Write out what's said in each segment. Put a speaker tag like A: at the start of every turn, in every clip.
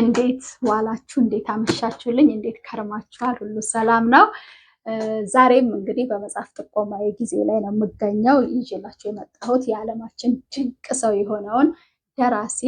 A: እንዴት ዋላችሁ? እንዴት አመሻችሁልኝ? እንዴት ከርማችኋል? ሁሉ ሰላም ነው? ዛሬም እንግዲህ በመጽሐፍ ጥቆማ ጊዜ ላይ ነው የምገኘው። ይዤላችሁ የመጣሁት የዓለማችን ድንቅ ሰው የሆነውን ደራሲ፣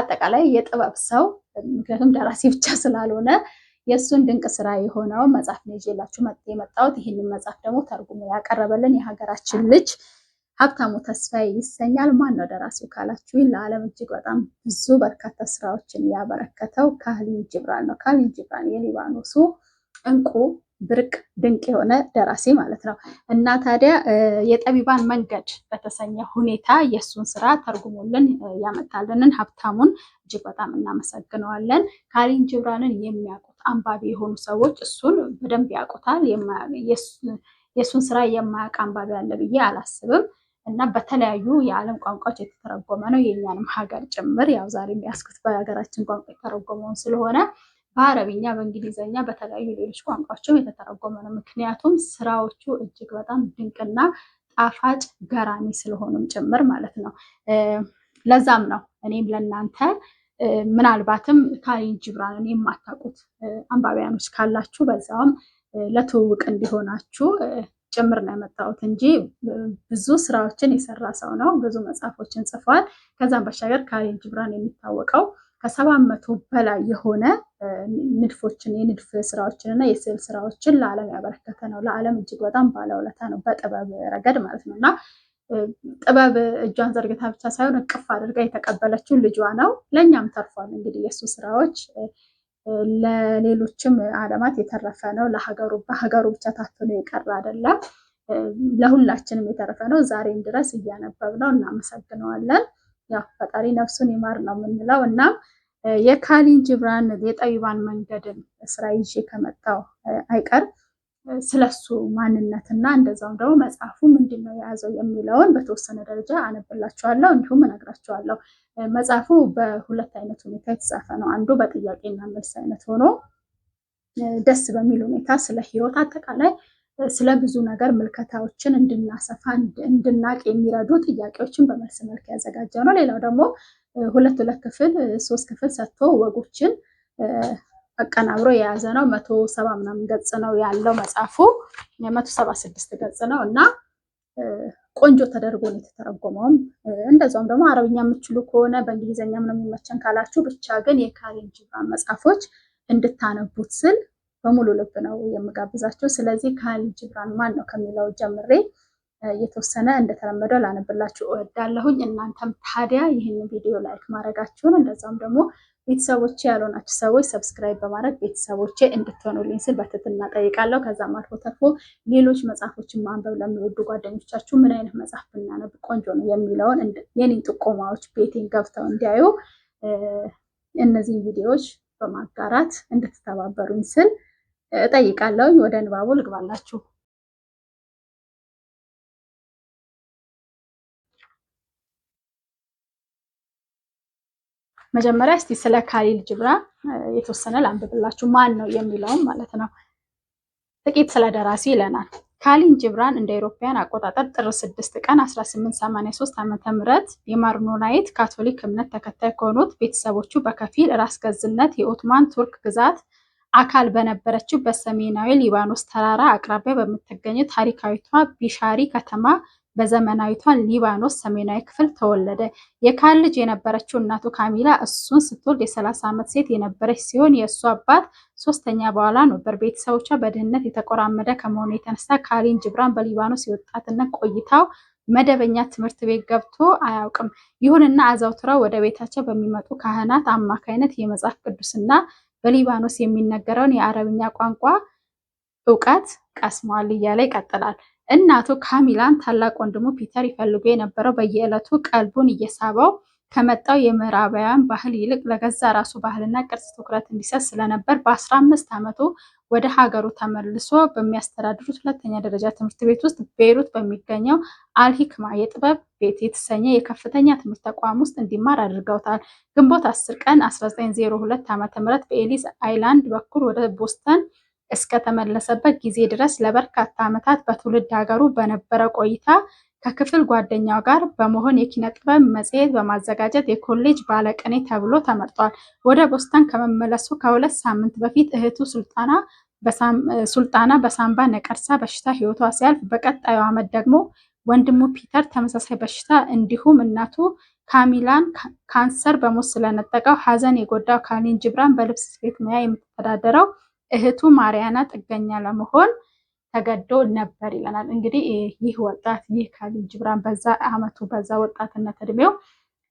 A: አጠቃላይ የጥበብ ሰው ምክንያቱም ደራሲ ብቻ ስላልሆነ የእሱን ድንቅ ስራ የሆነውን መጽሐፍ ነው ይዤላችሁ የመጣሁት። ይህንን መጽሐፍ ደግሞ ተርጉሞ ያቀረበልን የሀገራችን ልጅ ሀብታሙ ተስፋዬ ይሰኛል። ማን ነው ደራሲው ካላችሁ፣ ለዓለም እጅግ በጣም ብዙ በርካታ ስራዎችን ያበረከተው ካህሊል ጅብራን ነው። ካህሊል ጅብራን የሊባኖሱ እንቁ ብርቅ ድንቅ የሆነ ደራሲ ማለት ነው እና ታዲያ የጠቢባን መንገድ በተሰኘ ሁኔታ የእሱን ስራ ተርጉሞልን ያመጣልንን ሀብታሙን እጅግ በጣም እናመሰግነዋለን። ካህሊል ጅብራንን የሚያውቁት አንባቢ የሆኑ ሰዎች እሱን በደንብ ያውቁታል። የእሱን ስራ የማያውቅ አንባቢ አለ ብዬ አላስብም። እና በተለያዩ የዓለም ቋንቋዎች የተተረጎመ ነው። የእኛንም ሀገር ጭምር ያው ዛሬ የሚያስኩት በሀገራችን ቋንቋ የተረጎመውን ስለሆነ በአረብኛ፣ በእንግሊዝኛ፣ በተለያዩ ሌሎች ቋንቋዎችም የተተረጎመ ነው። ምክንያቱም ስራዎቹ እጅግ በጣም ድንቅና ጣፋጭ ገራሚ ስለሆኑም ጭምር ማለት ነው። ለዛም ነው እኔም ለእናንተ ምናልባትም ካሪን ጂብራንን የማታውቁት አንባቢያኖች ካላችሁ በዛውም ለትውውቅ እንዲሆናችሁ ጭምር ነው ያመጣሁት እንጂ ብዙ ስራዎችን የሰራ ሰው ነው። ብዙ መጽሐፎችን ጽፏል። ከዛም ባሻገር ካሪም ጅብራን የሚታወቀው ከሰባት መቶ በላይ የሆነ ንድፎችን የንድፍ ስራዎችን እና የስዕል ስራዎችን ለዓለም ያበረከተ ነው። ለዓለም እጅግ በጣም ባለውለታ ነው፣ በጥበብ ረገድ ማለት ነው እና ጥበብ እጇን ዘርግታ ብቻ ሳይሆን እቅፍ አድርጋ የተቀበለችው ልጇ ነው። ለእኛም ተርፏል እንግዲህ የእሱ ስራዎች ለሌሎችም ዓለማት የተረፈ ነው። ለሀገሩ በሀገሩ ብቻ ታትሞ የቀረ አይደለም። ለሁላችንም የተረፈ ነው። ዛሬም ድረስ እያነበብ ነው። እናመሰግነዋለን። ያው ፈጣሪ ነፍሱን ይማር ነው የምንለው። እናም የካሊን ጅብራን የጠቢባን መንገድን ስራ ይዤ ከመጣው አይቀር ስለሱ ማንነት እና እንደዛውም ደግሞ መጽሐፉ ምንድን ነው የያዘው የሚለውን በተወሰነ ደረጃ አነብላችኋለሁ እንዲሁም እነግራችኋለሁ። መጽሐፉ በሁለት አይነት ሁኔታ የተጻፈ ነው። አንዱ በጥያቄና መልስ አይነት ሆኖ ደስ በሚል ሁኔታ ስለ ህይወት አጠቃላይ ስለ ብዙ ነገር ምልከታዎችን እንድናሰፋ እንድናቅ የሚረዱ ጥያቄዎችን በመልስ መልክ ያዘጋጀ ነው። ሌላው ደግሞ ሁለት ሁለት ክፍል ሶስት ክፍል ሰጥቶ ወጎችን አቀናብሮ የያዘ ነው። መቶ ሰባ ምናምን ገጽ ነው ያለው መጽሐፉ መቶ ሰባ ስድስት ገጽ ነው እና ቆንጆ ተደርጎ ነው የተተረጎመውም። እንደዛውም ደግሞ አረብኛ የምችሉ ከሆነ በእንግሊዝኛ ምንም የሚመቸን ካላችሁ ብቻ ግን የካሪም ጂብራን መጽሐፎች እንድታነቡት ስል በሙሉ ልብ ነው የምጋብዛችሁ። ስለዚህ ካሪም ጂብራን ማን ነው ከሚለው ጀምሬ የተወሰነ እንደተለመደው ላነብላችሁ እወዳለሁኝ። እናንተም ታዲያ ይህንን ቪዲዮ ላይክ ማድረጋችሁን እንደዛውም ደግሞ ቤተሰቦቼ ያልሆናችሁ ሰዎች ሰብስክራይብ በማድረግ ቤተሰቦቼ እንድትሆኑልኝ ስል በትህትና ጠይቃለሁ። ከዛም አልፎ ተርፎ ሌሎች መጽሐፎችን ማንበብ ለሚወዱ ጓደኞቻችሁ ምን አይነት መጽሐፍ ብናነብ ቆንጆ ነው የሚለውን የኔ ጥቆማዎች ቤቴን ገብተው እንዲያዩ እነዚህን ቪዲዮዎች በማጋራት እንድትተባበሩኝ ስል እጠይቃለሁ። ወደ ንባቡ ልግባላችሁ። መጀመሪያ እስቲ ስለ ካሊል ጅብራ የተወሰነ ላንብብላችሁ፣ ማን ነው የሚለውም ማለት ነው። ጥቂት ስለ ደራሲ ይለናል። ካሊል ጅብራን እንደ አውሮፓውያን አቆጣጠር ጥር 6 ቀን 1883 ዓ.ም የማርኖናይት ካቶሊክ እምነት ተከታይ ከሆኑት ቤተሰቦቹ በከፊል ራስ ገዝነት የኦትማን ቱርክ ግዛት አካል በነበረችው በሰሜናዊ ሊባኖስ ተራራ አቅራቢያ በምትገኘው ታሪካዊቷ ቢሻሪ ከተማ በዘመናዊቷ ሊባኖስ ሰሜናዊ ክፍል ተወለደ። የካህን ልጅ የነበረችው እናቱ ካሚላ እሱን ስትወልድ የ30 ዓመት ሴት የነበረች ሲሆን የእሱ አባት ሶስተኛ በኋላ ነበር። ቤተሰቦቿ በድህነት የተቆራመደ ከመሆኑ የተነሳ ካሊን ጅብራን በሊባኖስ የወጣትነት ቆይታው መደበኛ ትምህርት ቤት ገብቶ አያውቅም። ይሁንና አዘውትረው ወደ ቤታቸው በሚመጡ ካህናት አማካይነት የመጽሐፍ ቅዱስና በሊባኖስ የሚነገረውን የአረብኛ ቋንቋ እውቀት ቀስመዋል እያለ ይቀጥላል። እናቱ ካሚላን ታላቅ ወንድሙ ፒተር ይፈልጉ የነበረው በየዕለቱ ቀልቡን እየሳበው ከመጣው የምዕራባውያን ባህል ይልቅ ለገዛ ራሱ ባህልና ቅርጽ ትኩረት እንዲሰጥ ስለነበር በ15 ዓመቱ ወደ ሀገሩ ተመልሶ በሚያስተዳድሩት ሁለተኛ ደረጃ ትምህርት ቤት ውስጥ ቤይሩት በሚገኘው አልሂክማ የጥበብ ቤት የተሰኘ የከፍተኛ ትምህርት ተቋም ውስጥ እንዲማር አድርገውታል። ግንቦት 10 ቀን 1902 ዓ.ም በኤሊስ አይላንድ በኩል ወደ ቦስተን እስከተመለሰበት ጊዜ ድረስ ለበርካታ ዓመታት በትውልድ ሀገሩ በነበረ ቆይታ ከክፍል ጓደኛው ጋር በመሆን የኪነ ጥበብ መጽሔት በማዘጋጀት የኮሌጅ ባለቅኔ ተብሎ ተመርጧል። ወደ ቦስተን ከመመለሱ ከሁለት ሳምንት በፊት እህቱ ሱልጣና በሳምባ ነቀርሳ በሽታ ህይወቷ ሲያልፍ፣ በቀጣዩ ዓመት ደግሞ ወንድሙ ፒተር ተመሳሳይ በሽታ እንዲሁም እናቱ ካሚላን ካንሰር በሞት ስለነጠቀው ሀዘን የጎዳው ካሊን ጅብራን በልብስ ስፌት ሙያ የምትተዳደረው እህቱ ማሪያና ጥገኛ ለመሆን ተገዶ ነበር ይለናል። እንግዲህ ይህ ወጣት ይህ ካሊድ ጅብራን በዛ አመቱ በዛ ወጣትነት እድሜው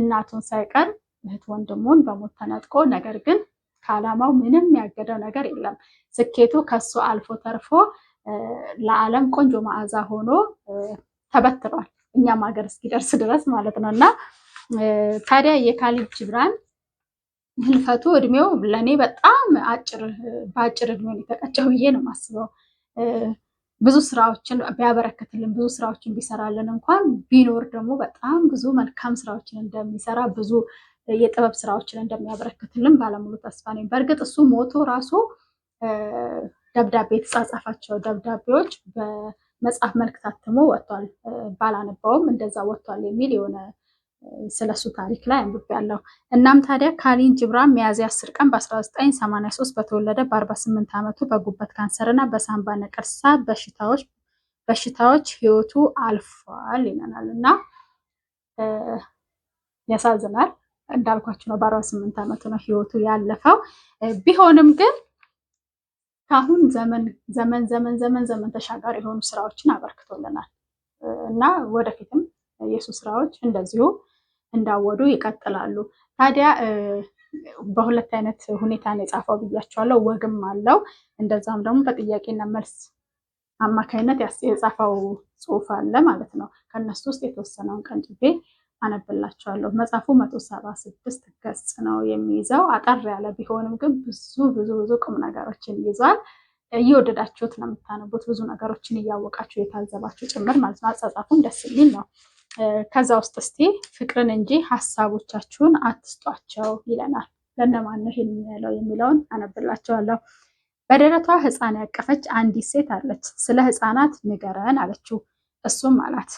A: እናቱን ሳይቀር እህት ወንድሙን በሞት ተነጥቆ፣ ነገር ግን ከዓላማው ምንም ያገደው ነገር የለም። ስኬቱ ከሱ አልፎ ተርፎ ለዓለም ቆንጆ መዓዛ ሆኖ ተበትኗል። እኛም ሀገር እስኪደርስ ድረስ ማለት ነው እና ታዲያ የካሊድ ጅብራን ህልፈቱ እድሜው ለእኔ በጣም አጭር በአጭር እድሜ የተቀጨው ብዬ ነው የማስበው። ብዙ ስራዎችን ቢያበረክትልን ብዙ ስራዎችን ቢሰራልን እንኳን ቢኖር ደግሞ በጣም ብዙ መልካም ስራዎችን እንደሚሰራ ብዙ የጥበብ ስራዎችን እንደሚያበረክትልን ባለሙሉ ተስፋ ነኝ። በእርግጥ እሱ ሞቶ ራሱ ደብዳቤ የተጻጻፋቸው ደብዳቤዎች በመጽሐፍ መልክ ታትሞ ወጥቷል። ባላነባውም እንደዛ ወጥቷል የሚል የሆነ ስለሱ ታሪክ ላይ ያለው እናም ታዲያ ካሊን ጂብራን ሚያዝያ 10 ቀን በ1983 በተወለደ በ48 ዓመቱ በጉበት ካንሰር እና በሳምባ ነቀርሳ በሽታዎች በሽታዎች ህይወቱ አልፏል ይለናል እና ያሳዝናል። እንዳልኳችሁ ነው በ48 ዓመቱ ነው ህይወቱ ያለፈው። ቢሆንም ግን ከአሁን ዘመን ዘመን ዘመን ዘመን ዘመን ተሻጋሪ የሆኑ ስራዎችን አበርክቶልናል እና ወደፊትም የሱ ስራዎች እንደዚሁ እንዳወዱ ይቀጥላሉ። ታዲያ በሁለት አይነት ሁኔታ ነው የጻፈው ብያቸዋለሁ። ወግም አለው እንደዛም ደግሞ በጥያቄና መልስ አማካይነት የጻፈው ጽሁፍ አለ ማለት ነው። ከእነሱ ውስጥ የተወሰነውን ቀንጭቤ አነብላቸዋለሁ። መጽሐፉ መቶ ሰባ ስድስት ገጽ ነው የሚይዘው። አጠር ያለ ቢሆንም ግን ብዙ ብዙ ብዙ ቁም ነገሮችን ይዟል። እየወደዳችሁት ነው የምታነቡት። ብዙ ነገሮችን እያወቃችሁ የታዘባችሁ ጭምር ማለት ነው። አጻጻፉም ደስ የሚል ነው። ከዛ ውስጥ እስቲ ፍቅርን እንጂ ሀሳቦቻችሁን አትስጧቸው ይለናል። ለእነማን ነው ይህን የሚያለው የሚለውን አነብላቸዋለሁ። በደረቷ ህፃን ያቀፈች አንዲት ሴት አለች። ስለ ህፃናት ንገረን አለችው። እሱም አላት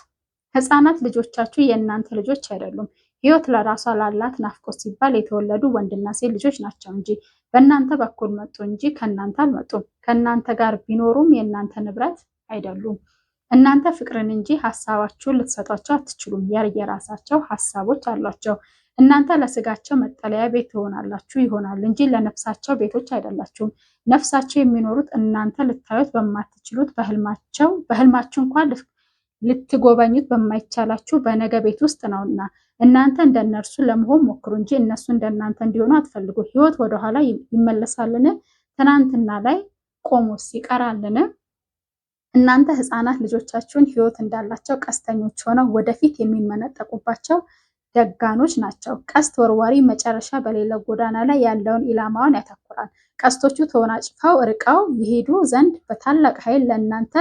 A: ህፃናት ልጆቻችሁ የእናንተ ልጆች አይደሉም። ህይወት ለራሷ ላላት ናፍቆት ሲባል የተወለዱ ወንድና ሴት ልጆች ናቸው እንጂ በእናንተ በኩል መጡ እንጂ ከእናንተ አልመጡም። ከእናንተ ጋር ቢኖሩም የእናንተ ንብረት አይደሉም። እናንተ ፍቅርን እንጂ ሀሳባችሁን ልትሰጧቸው አትችሉም። የየራሳቸው ሀሳቦች አሏቸው። እናንተ ለስጋቸው መጠለያ ቤት ትሆናላችሁ ይሆናል እንጂ ለነፍሳቸው ቤቶች አይደላችሁም። ነፍሳቸው የሚኖሩት እናንተ ልታዩት በማትችሉት በህልማቸው በህልማችሁ እንኳን ልትጎበኙት በማይቻላችሁ በነገ ቤት ውስጥ ነውና እናንተ እንደነርሱ ለመሆን ሞክሩ እንጂ እነሱ እንደናንተ እንዲሆኑ አትፈልጉ። ህይወት ወደኋላ ይመለሳልን? ትናንትና ላይ ቆሞ ይቀራልን? እናንተ ህፃናት ልጆቻችሁን ህይወት እንዳላቸው ቀስተኞች ሆነው ወደፊት የሚመነጠቁባቸው ደጋኖች ናቸው። ቀስት ወርዋሪ መጨረሻ በሌለው ጎዳና ላይ ያለውን ኢላማውን ያተኩራል። ቀስቶቹ ተወናጭፈው ርቀው ይሄዱ ዘንድ በታላቅ ኃይል ለእናንተ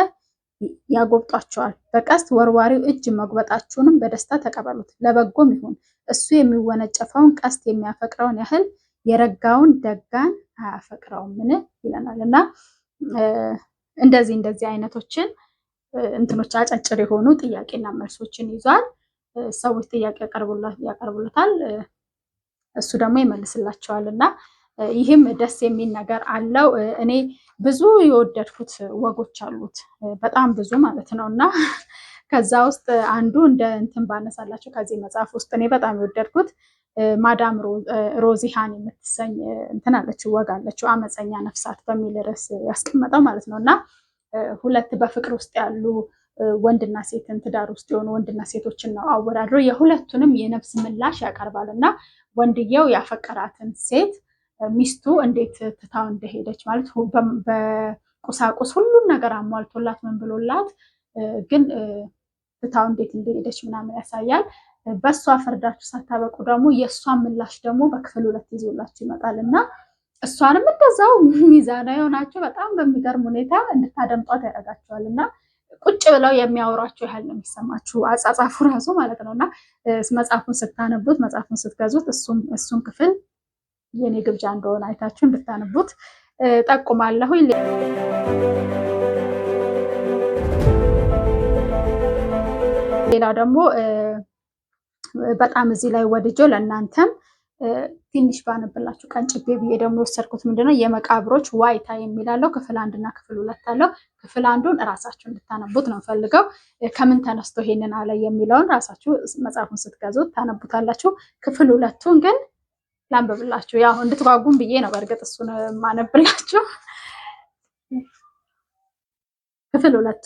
A: ያጎብጧቸዋል። በቀስት ወርዋሪው እጅ መጉበጣችሁንም በደስታ ተቀበሉት፣ ለበጎም ይሁን። እሱ የሚወነጨፈውን ቀስት የሚያፈቅረውን ያህል የረጋውን ደጋን ምን ይለናል እና እንደዚህ እንደዚህ አይነቶችን እንትኖች አጫጭር የሆኑ ጥያቄና መልሶችን ይዟል። ሰዎች ጥያቄ ያቀርቡለታል፣ እሱ ደግሞ ይመልስላቸዋል እና ይህም ደስ የሚል ነገር አለው። እኔ ብዙ የወደድኩት ወጎች አሉት በጣም ብዙ ማለት ነው እና ከዛ ውስጥ አንዱ እንደ እንትን ባነሳላቸው ከዚህ መጽሐፍ ውስጥ እኔ በጣም የወደድኩት ማዳም ሮዚሃን የምትሰኝ እንትን አለችው ወግ አለችው አመፀኛ ነፍሳት በሚል ርዕስ ያስቀመጠው ማለት ነው። እና ሁለት በፍቅር ውስጥ ያሉ ወንድና ሴትን ትዳር ውስጥ የሆኑ ወንድና ሴቶችን ነው አወዳድሮ የሁለቱንም የነፍስ ምላሽ ያቀርባል እና ወንድየው ያፈቀራትን ሴት ሚስቱ እንዴት ትታው እንደሄደች ማለት በቁሳቁስ ሁሉን ነገር አሟልቶላት ምን ብሎላት ግን ትታው እንዴት እንደሄደች ምናምን ያሳያል። በእሷ ፍርዳችሁ ሳታበቁ ደግሞ የእሷን ምላሽ ደግሞ በክፍል ሁለት ይዞላችሁ ይመጣል እና እሷንም እንደዛው ሚዛናዊ የሆናችሁ በጣም በሚገርም ሁኔታ እንድታደምጧት ያደርጋችኋል እና ቁጭ ብለው የሚያወሯችሁ ያህል ነው የሚሰማችሁ አጻጻፉ ራሱ ማለት ነው እና መጽሐፉን ስታነቡት መጽሐፉን ስትገዙት እሱን ክፍል የኔ ግብዣ እንደሆነ አይታችሁ እንድታነቡት ጠቁማለሁ። ሌላ ደግሞ በጣም እዚህ ላይ ወድጆ ለእናንተም ትንሽ ባነብላችሁ ቀንጭቤ ብዬ ደግሞ የወሰድኩት ምንድነው የመቃብሮች ዋይታ የሚላለው ክፍል አንድና ክፍል ሁለት አለው። ክፍል አንዱን እራሳችሁ እንድታነቡት ነው ፈልገው ከምን ተነስቶ ይሄንን አለ የሚለውን ራሳችሁ መጽሐፉን ስትገዙት ታነቡታላችሁ። ክፍል ሁለቱን ግን ላንብብላችሁ፣ ያው እንድትጓጉም ብዬ ነው። በእርግጥ እሱን ማነብላችሁ ክፍል ሁለቱ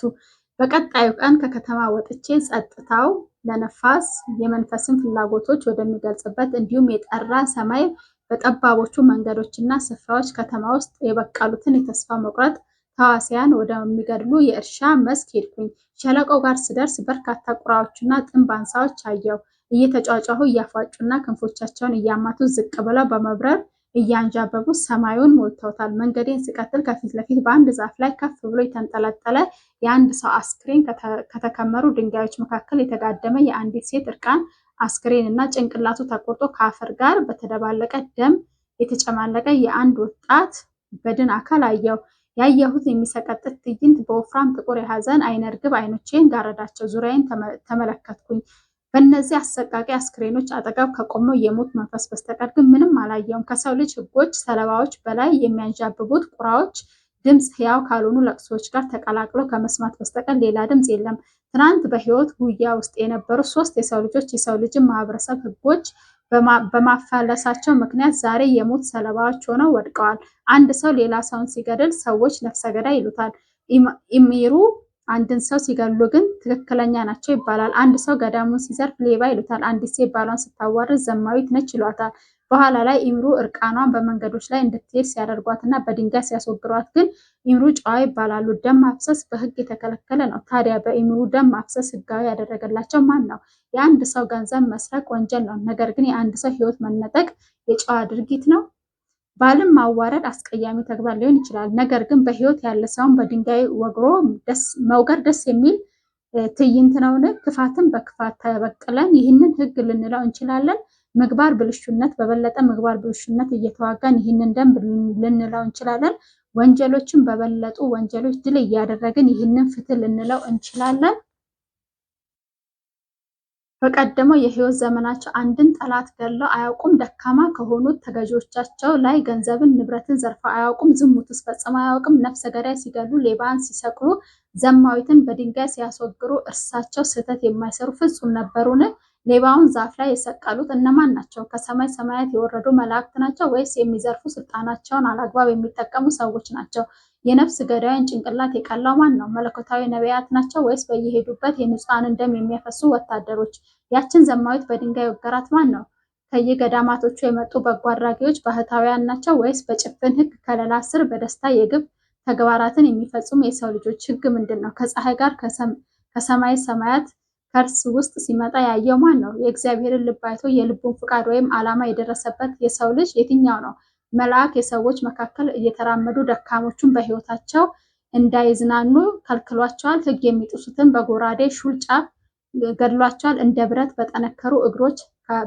A: በቀጣዩ ቀን ከከተማ ወጥቼ ጸጥታው ለነፋስ የመንፈስን ፍላጎቶች ወደሚገልጽበት እንዲሁም የጠራ ሰማይ በጠባቦቹ መንገዶችና ስፍራዎች ከተማ ውስጥ የበቀሉትን የተስፋ መቁረጥ ተዋሲያን ወደሚገድሉ የእርሻ መስክ ሄድኩኝ። ሸለቆው ጋር ስደርስ በርካታ ቁራዎችና ጥንብ አንሳዎች አየሁ። እየተጫጫሁ እያፏጩና ክንፎቻቸውን እያማቱ ዝቅ ብለው በመብረር እያንዣበቡ ሰማዩን ሞልተውታል። መንገዴን ስቀጥል ከፊት ለፊት በአንድ ዛፍ ላይ ከፍ ብሎ የተንጠለጠለ የአንድ ሰው አስክሬን፣ ከተከመሩ ድንጋዮች መካከል የተጋደመ የአንዲት ሴት እርቃን አስክሬን እና ጭንቅላቱ ተቆርጦ ከአፈር ጋር በተደባለቀ ደም የተጨማለቀ የአንድ ወጣት በድን አካል አየው። ያየሁት የሚሰቀጥጥ ትዕይንት በወፍራም ጥቁር የሐዘን አይነ ርግብ አይኖቼን ጋረዳቸው። ዙሪያዬን ተመለከትኩኝ። በእነዚህ አሰቃቂ አስክሬኖች አጠገብ ከቆመው የሞት መንፈስ በስተቀር ግን ምንም አላየውም። ከሰው ልጅ ህጎች ሰለባዎች በላይ የሚያንዣብቡት ቁራዎች ድምፅ ህያው ካልሆኑ ለቅሶዎች ጋር ተቀላቅሎ ከመስማት በስተቀር ሌላ ድምፅ የለም። ትናንት በህይወት ጉያ ውስጥ የነበሩ ሶስት የሰው ልጆች የሰው ልጅን ማህበረሰብ ህጎች በማፋለሳቸው ምክንያት ዛሬ የሞት ሰለባዎች ሆነው ወድቀዋል። አንድ ሰው ሌላ ሰውን ሲገድል ሰዎች ነፍሰ ገዳይ ይሉታል። ኢሚሩ አንድን ሰው ሲገሉ ግን ትክክለኛ ናቸው ይባላል። አንድ ሰው ገዳሙን ሲዘርፍ ሌባ ይሉታል። አንዲት ሴት ባሏን ስታዋርድ ዘማዊት ነች ይሏታል። በኋላ ላይ ኢምሩ እርቃኗን በመንገዶች ላይ እንድትሄድ ሲያደርጓትና በድንጋይ ሲያስወግሯት ግን ኢምሩ ጨዋ ይባላሉ። ደም ማፍሰስ በህግ የተከለከለ ነው። ታዲያ በኢምሩ ደም ማፍሰስ ህጋዊ ያደረገላቸው ማን ነው? የአንድ ሰው ገንዘብ መስረቅ ወንጀል ነው። ነገር ግን የአንድ ሰው ህይወት መነጠቅ የጨዋ ድርጊት ነው? ባልም ማዋረድ አስቀያሚ ተግባር ሊሆን ይችላል። ነገር ግን በህይወት ያለ ሰውን በድንጋይ ወግሮ መውገር ደስ የሚል ትዕይንት ነው ክፋትን በክፋት ተበቅለን ይህንን ህግ ልንለው እንችላለን። ምግባር ብልሹነት በበለጠ ምግባር ብልሹነት እየተዋጋን ይህንን ደንብ ልንለው እንችላለን። ወንጀሎችን በበለጡ ወንጀሎች ድል እያደረግን ይህንን ፍትህ ልንለው እንችላለን። በቀደመው የህይወት ዘመናቸው አንድን ጠላት ገለው አያውቁም። ደካማ ከሆኑት ተገዢዎቻቸው ላይ ገንዘብን፣ ንብረትን ዘርፈው አያውቁም። ዝሙትስ ፈጽመው አያውቅም። ነፍሰ ገዳይ ሲገሉ ሌባን ሲሰቅሉ፣ ዘማዊትን በድንጋይ ሲያስወግሩ እርሳቸው ስህተት የማይሰሩ ፍጹም ነበሩን? ሌባውን ዛፍ ላይ የሰቀሉት እነማን ናቸው? ከሰማይ ሰማያት የወረዱ መላእክት ናቸው? ወይስ የሚዘርፉ ስልጣናቸውን አላግባብ የሚጠቀሙ ሰዎች ናቸው? የነፍስ ገዳይን ጭንቅላት የቀላው ማን ነው? መለኮታዊ ነቢያት ናቸው ወይስ በየሄዱበት የንጹሐንን ደም የሚያፈሱ ወታደሮች? ያችን ዘማዊት በድንጋይ ወገራት ማን ነው? ከየገዳማቶቹ የመጡ በጎ አድራጊዎች ባህታውያን ናቸው ወይስ በጭፍን ሕግ ከለላ ስር በደስታ የግብ ተግባራትን የሚፈጽሙ የሰው ልጆች? ሕግ ምንድን ነው? ከፀሐይ ጋር ከሰማይ ሰማያት ከእርስ ውስጥ ሲመጣ ያየው ማን ነው? የእግዚአብሔርን ልብ አይቶ የልቡን ፍቃድ ወይም ዓላማ የደረሰበት የሰው ልጅ የትኛው ነው? መልአክ የሰዎች መካከል እየተራመዱ ደካሞቹን በህይወታቸው እንዳይዝናኑ ከልክሏቸዋል። ህግ የሚጥሱትን በጎራዴ ሹል ጫፍ ገድሏቸዋል። እንደ ብረት በጠነከሩ እግሮች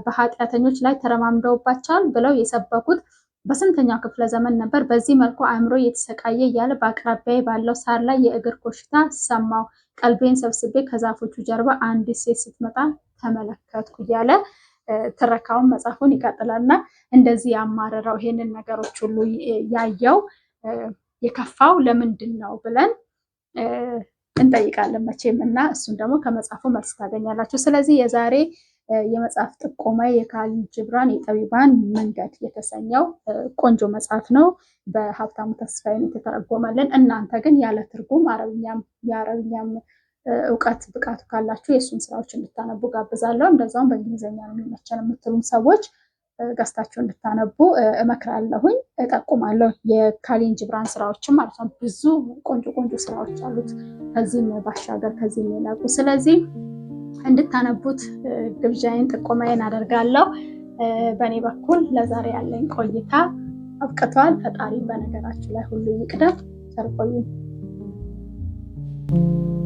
A: በኃጢአተኞች ላይ ተረማምደውባቸዋል ብለው የሰበኩት በስንተኛው ክፍለ ዘመን ነበር? በዚህ መልኩ አእምሮ እየተሰቃየ እያለ በአቅራቢያ ባለው ሳር ላይ የእግር ኮሽታ ሰማው ቀልቤን ሰብስቤ ከዛፎቹ ጀርባ አንዲት ሴት ስትመጣ ተመለከትኩ እያለ ትረካውን መጽሐፉን ይቀጥላል እና እንደዚህ ያማረረው ይሄንን ነገሮች ሁሉ ያየው የከፋው ለምንድን ነው ብለን እንጠይቃለን መቼም እና እሱን ደግሞ ከመጽሐፉ መልስ ታገኛላችሁ። ስለዚህ የዛሬ የመጽሐፍ ጥቆማ የካሊል ጅብራን የጠቢባን መንገድ የተሰኘው ቆንጆ መጽሐፍ ነው። በሀብታሙ ተስፋዬ የተተረጎመልን። እናንተ ግን ያለ ትርጉም አረብኛም የአረብኛም እውቀት ብቃቱ ካላችሁ የእሱን ስራዎች እንድታነቡ ጋብዛለሁ። እንደዛውም በእንግሊዝኛ ነው የሚመቸን የምትሉም ሰዎች ገዝታችሁ እንድታነቡ እመክራለሁኝ፣ እጠቁማለሁ። የካሊን ጅብራን ስራዎችም ማለት ነው ብዙ ቆንጆ ቆንጆ ስራዎች አሉት፣ ከዚህም ባሻገር ከዚህም የላቁ። ስለዚህ እንድታነቡት ግብዣዬን ጥቆማዬን አደርጋለሁ። በእኔ በኩል ለዛሬ ያለኝ ቆይታ አብቅቷል። ፈጣሪ በነገራችሁ ላይ ሁሉ ይቅደም። ቸር